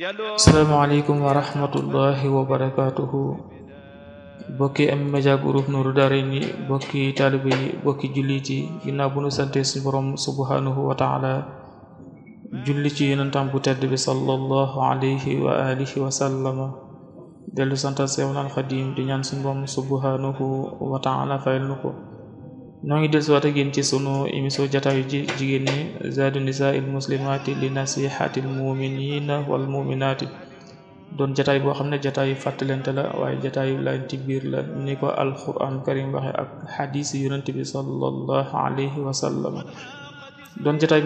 asalaamaaleykum wa rahmatullahi wa barakaatuhu bokki am média groupe Nourou Darayni bokki taalibe yi bokki jullit yi bu nu sante si borom subhanahu wa ci yonentam bu tedd bi sallallahu alayhi wa alihi wa sallama dellu santa sewnal xadim di ñaan suñu borom wa taala fayal nu ko noo ngi del siwaat ak yéen ci sunu émission jataayu ji jigéen ñi zaadu nisaa il muslimaati li nasihatil muminina wal muminaati doon jataay boo xam ne jataayu fàttalente la waaye jataayu laan ci biir la ni ko alquran karim waxe ak xadiis yonent bi sallallahu alayhi wa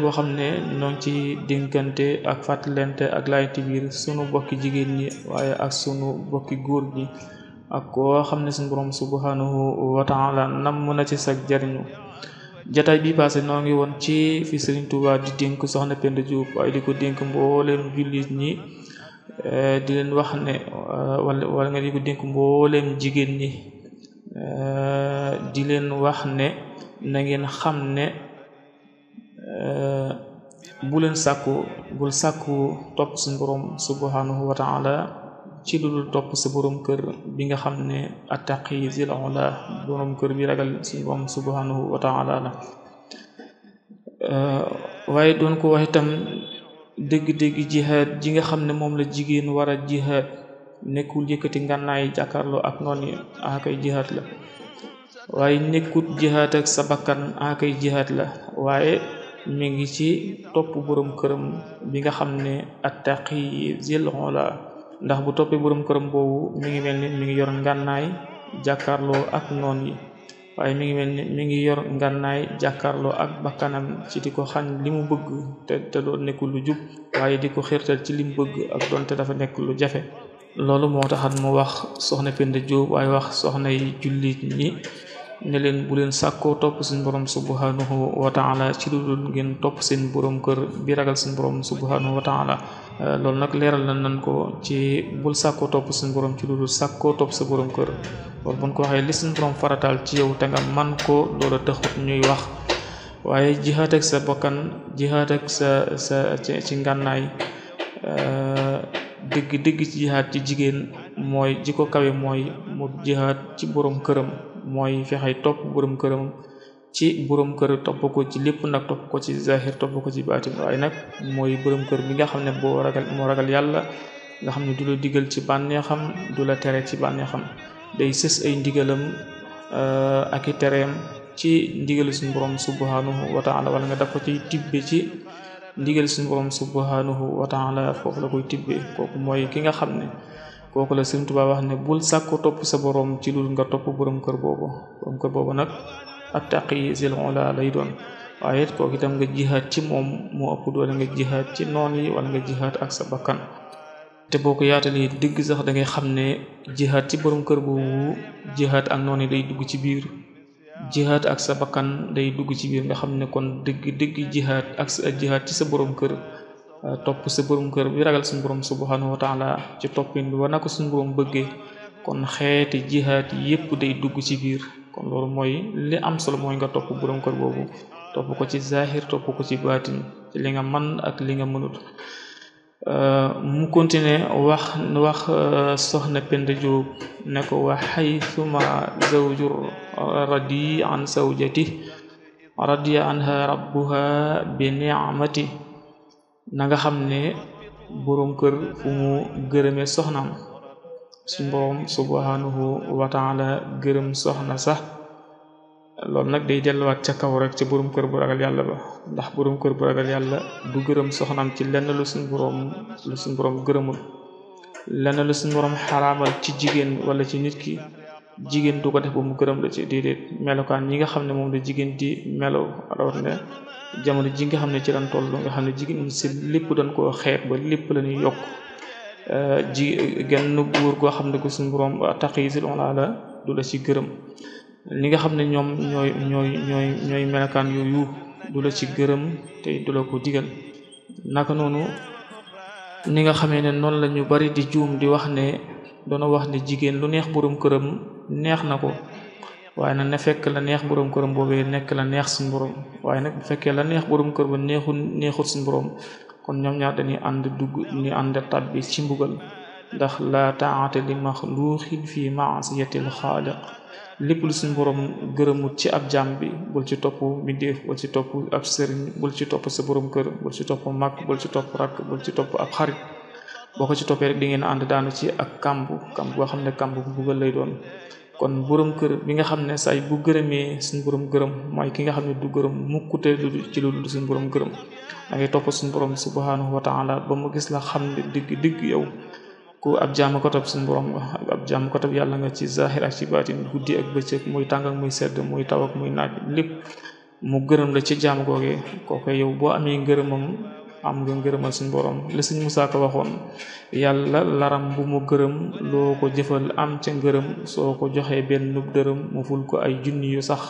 boo xam ne noo ci dénkante ak fàttalente ak ci biir sunu bokki jigéen ñi waaye ak sunu bokki góor ñi ak koo xam ne suñu borom subhanahu wa ta'ala namm na ci sag jariñu jataay bi passé noo ngi woon ci fi Serigne Touba di dénk soxna Penda Diop waaye di ko dénk mbooleem jullit ñi eh, di leen wax ne wala eh, wala nga jigéen ñi eh, di wax ne na ngeen xam ne bu leen sàkku bul sàkku topp suñu borom ci lu dul topp sa borom kër bi nga xam ne attaqi zil ula borom kër bi ragal suñu borom subhanahu wa taala la euh, waaye doon ko wax itam dëgg-dëgg jihaad ji nga xam ne moom la jigéen war a jihaad nekkul yëkkati ngànnaay jàkkaarloo ak noon yi ah, la waaye nekkut jihaad sa bakkan akay ah, jihaad la waaye mi ngi ci topp borom këram bi nga xam ne attaqi zil ula ndax bu toppee boroom këram boobu mi ngi mel ni mi ngi yor ngànnaay jàkkaarloo ak noon yi waaye mi ngi mel ni mi ngi yor ngànnaay jàkkaarloo ak bakkanam ci di ko xañ li mu bëgg te te doon jub waaye di ko xirtal ci li bëgg ak doonte dafa nekk lu jafe loolu moo taxat mu wax soxna Penda Jóob waaye wax soxna yi jullit ñi ne leen bu leen sàkkoo topp seen borom subhanahu wa taala ci lu dul ngeen topp seen borom kër bi ragal seen borom subhanahu wa taala euh, loolu nag leeral na nan ko ci bul sàkkoo topp seen boroom ci lu dul sàkkoo topp sa borom kër loolu ko waxee li seen borom ci yow te nga man ko loola taxut ñuy wax waaye jihaat ak sa bakkan jihaat ak sa sa ci ngànnaay euh, dëgg dëgg ci jihaat ci jigéen mooy jiko ko mooy mu jihaat ci boroom këram mooy fexe topp borom këram ci borom kër topp ko ci lépp nag topp ko ci zahir topp ko ci baatin waaye nag mooy borom kër bi nga xam ne boo ragal moo ragal yàlla nga xam ne du la digal ci bànneexam du la tere ci xam day sës ay ndigalam euh, ak i tereem ci ndigal suñu borom subhanahu wa taala wala nga daf ko ciy tibbe ci ndigal suñu borom subhanahu wa taala foofu la koy tibbe kooku mooy ki nga xam ne kooku la Sëriñ Tuubaa wax ne bul sàkku topp sa borom ci lu nga topp borom kër boobu borom kër boobu nag ak taqi zil la lay doon waaye kooku itam nga jihaat ci moom moo ëpp doole nga jihaat ci noon yi wala nga jihaat ak sa bakkan te boo ko yaatalee dëgg sax da xam ne jihaat ci borom kër boobu jihaat ak noon day dugg ci biir jihaat ak sa bakkan day dugg ci biir nga xam ne kon dëgg dëgg jihaat ak sa ci sa borom kër Eh, topp sa borom kër bi ragal suñu borom subhanahu wa la ci toppin bi ba na ko suñu borom bëggee kon xeeti jihaat yépp day dugg ci biir kon loolu mooy li am solo mooy nga topp borom kër boobu topp ko ci zahir topp ko ci baatin li nga man ak li nga mënut eh, mu continuer wax wax eh, soxna Penda Diop ne ko wa xaythuma zawju radi an zawjati radiya anha rabbuha bi ni'mati na nga xam ne boroom kër fu mu gërëme soxnaam suñ boroom subhanahu wa taala gërëm soxna sax loolu nag day delluwaat ca kaw rek ca boroom kër bu ragal yàlla ba ndax boroom kër bu ragal yàlla du gërëm soxnaam ci lenn lu suñ boroom lu suñ boroom gërëmul lenn lu suñ boroom xaraamal ci jigéen wala ci nit ki jigéen du ko def ba mu gërëm la ci déedéet melokaan yi nga xam ne moom la jigéen di melo alors ne jamono ji nga xam ne ci lañ toll nga xam ne jigéen ñi si lépp dañ koo xeet ba lépp la ñuy yokk euh, ji genn góor goo xam ne ko suñu borom taqi si la la du la ci gërëm li nga xam ne ñoom ñooy ñooy ñooy ñooy melokaan yooyu du la ci gërëm te du la ko digal naka noonu ni nga xamee ne noonu la bari di juum di wax ne. doona wax ne jigéen lu neex boroom këram neex na ko waaye nag na fekk la neex boroom këram boobee nekk la neex suñu boroom waaye nag bu fekkee la neex borom kër ba neexul neexut suñu borom kon ñoom ñaar dañuy ànd dugg ni ànd bi ci mbugal ndax la taata li maxluuqin fi maasiyatil xaaliq lépp lu suñu borom gërëmut ci ab jaam bi bul ci topp bindéef bul ci topp ab sëriñ bul ci topp sa borom kër bul ci topp mag bul ci topp rakk bul ci topp ab xarit boo ko ci topee rek di ngeen ànd daanu ci ak kàmb kàmb boo xam ne kàmb bu buggal lay doon kon borom kër bi nga xam ne say bu gërëmee suñ borom gërëm mooy ki nga xam ne du gërëm mukkute ci lu dul suñ borom gërëm da ngay topp suñ borom subhanahu wa taala ba mu gis la xam ne digg digg yow ku ab jaam ko topp suñ borom nga ab yàlla nga ci zahir ak ci baatin guddi ak bëccëg muy tàng muy sedd muy taw ak muy naaj lépp mu gërëm la ci jaam googee kooku yow boo amee ngërëmam am nga ngërëmal suñ borom li suñ Musaa Ka waxoon yàlla laram bu mu gërëm loo ko jëfal am ca gërëm soo ko joxee benn dërëm mu ful ko ay junni yu sax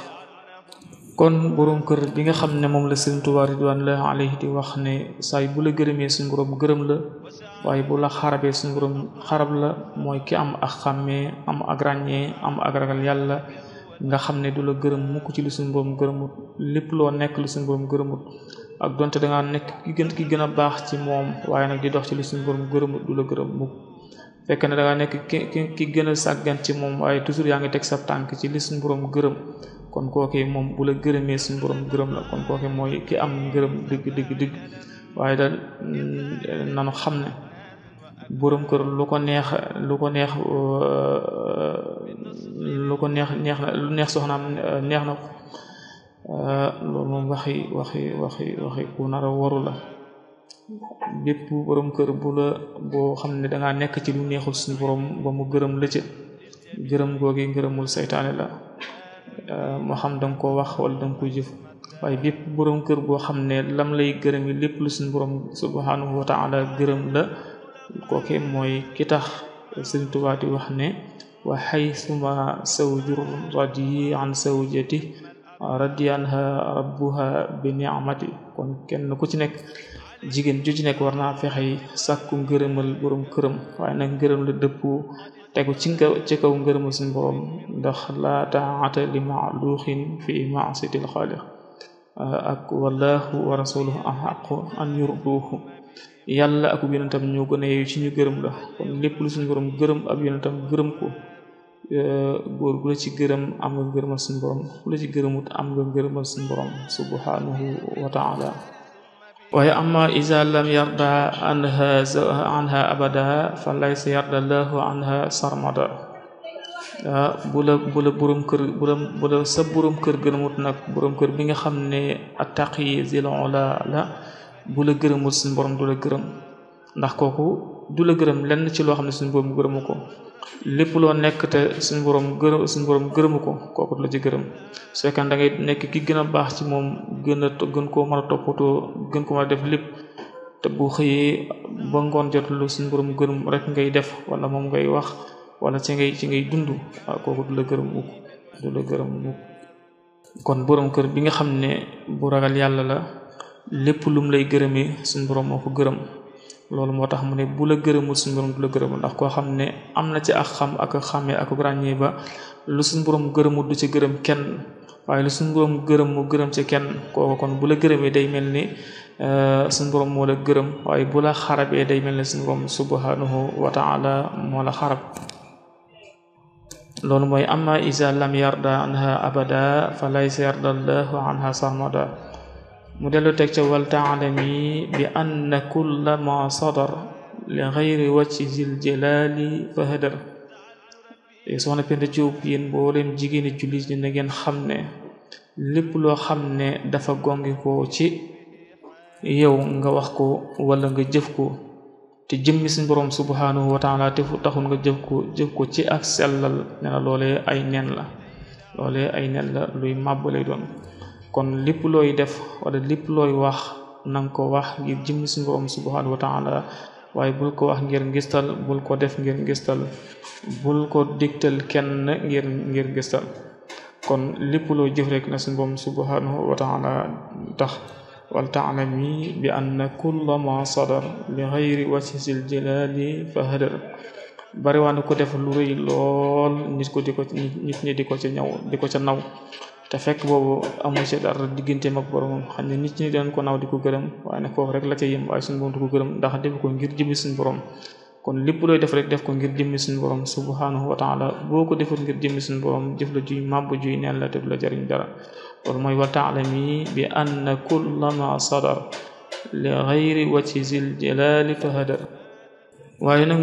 kon boroom kër bi nga xam ne moom la sëriñ Tuubaa ridwaanulaahi alayhi di wax ne saay bu la gërëmee suñ borom gërëm la waaye bu la xarabee suñ borom xarab la mooy ki am ak xàmmee am ak ràññee am ak ragal yàlla nga xam ne du la gërëm mukk ci lu suñ borom gërëmut lépp loo nekk lu suñ borom gërëmut ak donte dangaa nekk ki gën ki gën a baax ci moom waaye nag di dox ci lu suñu borom gërëm du la gërëm mukk fekk ne dangaa nekk ki ki gën a sàggan ci moom waaye toujours yaa ngi teg sa tànk ci li suñu borom gërëm kon kookee moom bu la gërëmee suñu gërëm la kon kookee mooy ki am ngërëm dëgg dëgg dëgg waaye daal mm, nanu xam ne borom kër lu ko neex lu ko neex euh, lu ko neex neex lu neex soxnaam neex na Euh, loolu moom waxi waxi waxi waxi ku nar a waru la bépp borom kër bu boo xam ne danga nekk ci lu neexul si borom ba mu gërëm la ca gërëm googi gërëmul seytaane la euh, moo xam danga ko wax wala danga ko jëf waaye bépp borom kër boo xam ne lam lay gërëm yi lépp lu suñu borom subhanahu wa taala gërëm la kooke mooy kitax tax Sëriñ Tuubaa di wax ne wa xaysuma sawjur radi an sawjati radianha rabbuha bi ni'mati kon kenn ku ci nekk jigéen ju ci nekk war naa fexey sàkku ngërëmal borom këram waaye nag ngërëm la dëppu tegu ci nga ci kaw ngërëmal suñu borom ndax la taata li maaluxin fi maasitil xaaliq ak wallahu wa rasuluhu am xaqu an yurduhu yàlla ak yonentam ñoo gën a ci ñu gërëm la kon lépp lu suñu borom gërëm ab yonentam gërëm ko góor gu la ci gërëm am nga gërëmal suñu borom ku ci gërëmut am nga wa taala waaye amma iza lam yarda anha anha abada fa laysa yarda lahu anha sarmada bu la bu la borom kër bu la bu borom kër gërëmut nag borom kër bi nga xam ne attaqi zil ula la bu la gërëmut suñu borom du la gërëm ndax kooku du la gërëm lenn ci loo xam ne suñu borom gërëmu ko lépp loo nekk te suñu borom gërëm gërëmu ko kooku la ci gërëm su fekkee da nekk ki gën a baax ci moom gën a gën koo mën a toppatoo gën ko def lépp te bu xëyee ba ngoon jot lu suñu borom gërëm rek ngay def wala moom ngay wax wala ci ngay ci ngay dund waaw kooku du la gërëm kon borom kër bi nga xam ne bu ragal yàlla la lépp lum lay gërëmee suñ borom moo ko gërëm. loolu moo tax mu ne bu gërëmu gërëmul suñu du la gërëmul ndax koo xam ne am na ci ak xam ak xàmmee ak ràññee ba lu su borom gërëmul du ci gërëm kenn waaye lu suñu borom gërëm mu gërëm ci kenn kooku kon bu la gërëmee day mel ni euh, suñu borom moo la gërëm waaye bula la xarabee day mel ni suñu borom subhanahu wa taala moo la xarab loolu mooy amma isa lam yarda anha abada fa laysa yarda allahu anha samada mu dellu teg ca wal taalami bi ann kulla ma sadar li xayri wacci zil jalaali fa hadar léegi soxna Penda Jóob yéen mbooleem jigéeni jullit ñi na ngeen xam ne lépp loo xam ne dafa gongi ko ci yow nga wax ko wala nga jëf ko te jëmmi suñ borom subhanahu wa te fu taxul nga jëf ko jëf ko ci ak sellal ne na ay nen la loole ay nen la luy màbb doon kon lépp def wala lépp looy wax nanga ko wax ngir jëmm suñu borom subhanahu waaye bul ko wax ngir ngistal bul ko def ngir ngistal bul ko digtal kenn ngir ngir ngistal kon lépp loo jëf rek na suñu borom subhanahu wa taala tax ta taalami bi anna kulla ma sadar li xayri wasisil jalaali fa hadar bari waa ko def lu rëy lool nit ko di ko di ko ca ñaw di ko ca naw te fekk boobu amul si dara digganteem ak boromam xam ne nit ñi dañ ko naw di waaye nag foofu rek la ca yem waaye suñu borom di ko gërëm ndax def ko ngir jëmmi suñu borom kon lépp looy def rek def ko ngir jëmmi suñu borom subhanahu wa taala boo ko defut ngir jëmmi suñu borom jëf la juy màbb juy neen la te du la jariñ dara loolu mooy wa taalami bi anna kullama sadar fa hadar waaye nag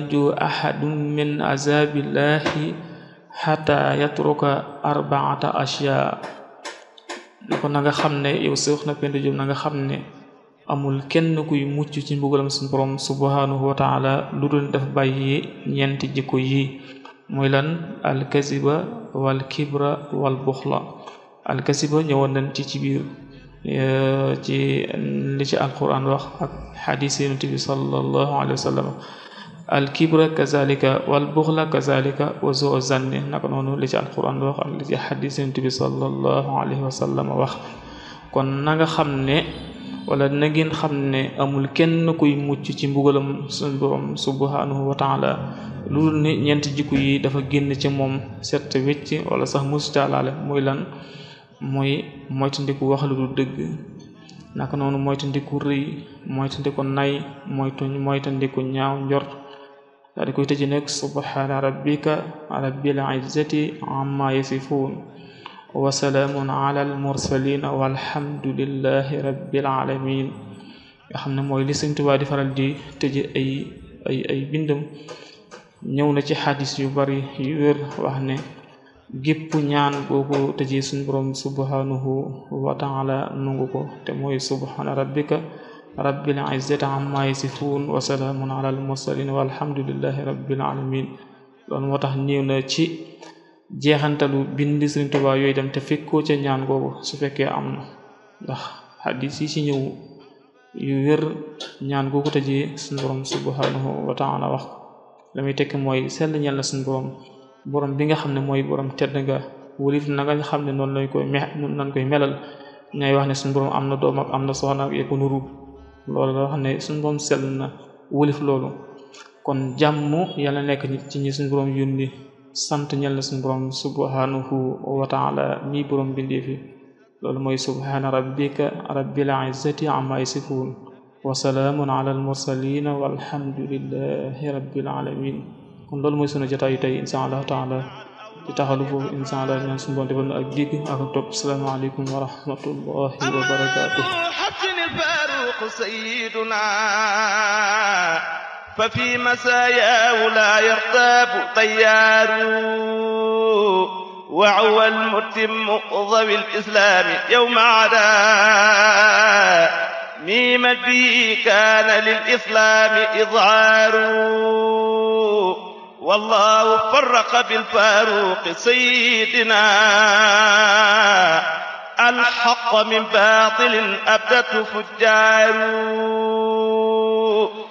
mu min azabillahi xata yatruka arbaata ashya ne na nga xam ne yow sëx na pend na nga xam ne amul kenn kuy mucc ci mbugalam suñu borom subhanahu wa lu dul def bàyyi ñeenti jikko yi muy lan alkasiba wal kibra wal buxla alkasiba ñëwoon nañ ci ci biir e, ci li ci alquran wax ak xadis yonent bi sallallahu alayhi alkibra kazalika wal buxla kazalika wa o zanni naka noonu li ci alquran wax ak li ci xadis Yonent bi sallallahu alayhi wa wax kon nanga xam ne wala na ngeen xam ne amul kenn kuy mucc ci mbugalam suñu borom subhanahu wa taala lu dul ni ñeenti jikko yi dafa génn ci moom set wecc wala sax mustalaale muy lan mooy moytandiku wax lu dul dëgg naka noonu moytandiku rëy moytandiku nay moytu moytandiku ñaaw njort daal di koy tëji nag subhaana rabbika rabbil izzati amma yasifun wa salaamun ala al mursalin walhamdulillahi rabbil alamin nga xam ne mooy li Sëñ Tuubaa di faral di tëji ay ay ñëw na ci xadis yu bari yu wér wax ne gépp ñaan googu tëjee suñ borom subhanahu wa taala nungu ko te rabbika rabbil izzati amma yasifun wa salaamun ala al mursalin walhamdulillahi rabbil alamin loolu moo tax ñëw na ci jeexantalu bind Sëriñ Tuubaa yooyu dem te fekkoo ca ñaan googu su fekkee am na ndax xadis yi ci ñëw yu wér ñaan googu tëjee suñu borom subhanahu wa taala wax la muy tekki mooy sell ñel na suñu borom borom bi nga xam ne mooy borom tedd nga wulif na nga xam ne noonu lañ koy me noonu lañ koy melal ngay wax ne suñu borom am na doom am na soxna ak yëpp loolu la wax ne suñu borom seetlu na wëlif loolu kon jàmm yàlla nekk ci ñi suñu borom yónni sant ñal na suñu borom subhanahu wa taala mi borom bindee fi loolu mooy subhana rabbika rabbil izzati amma yasifun wa salaamun ala al mursalin walhamdulillahi rabbil alamin kon loolu mooy sunu jotaayu tey insha allah taala di taxalu insha allah ñaan suñu borom defal na ak dégg topp salaamaaleykum wa rahmatullahi wa الحق سيدنا ففي مساياه لا يرتاب طيار وعوى المتم ضوي الإسلام يوم عدا ميم به كان للإسلام إظهار والله فرق بالفاروق سيدنا الحق من باطل أبدته فجار